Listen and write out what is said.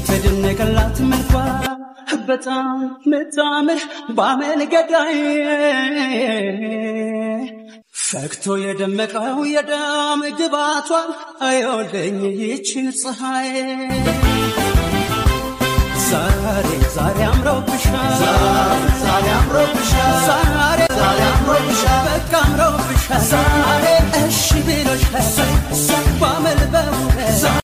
የተደነቀላት መልኳ በጣም ምታምር ባመል ፈግቶ ፈክቶ የደመቀው የደም ግባቷ አየውልኝ ይች ፀሐይ ዛሬ ዛሬ አምሮብሻል እሺ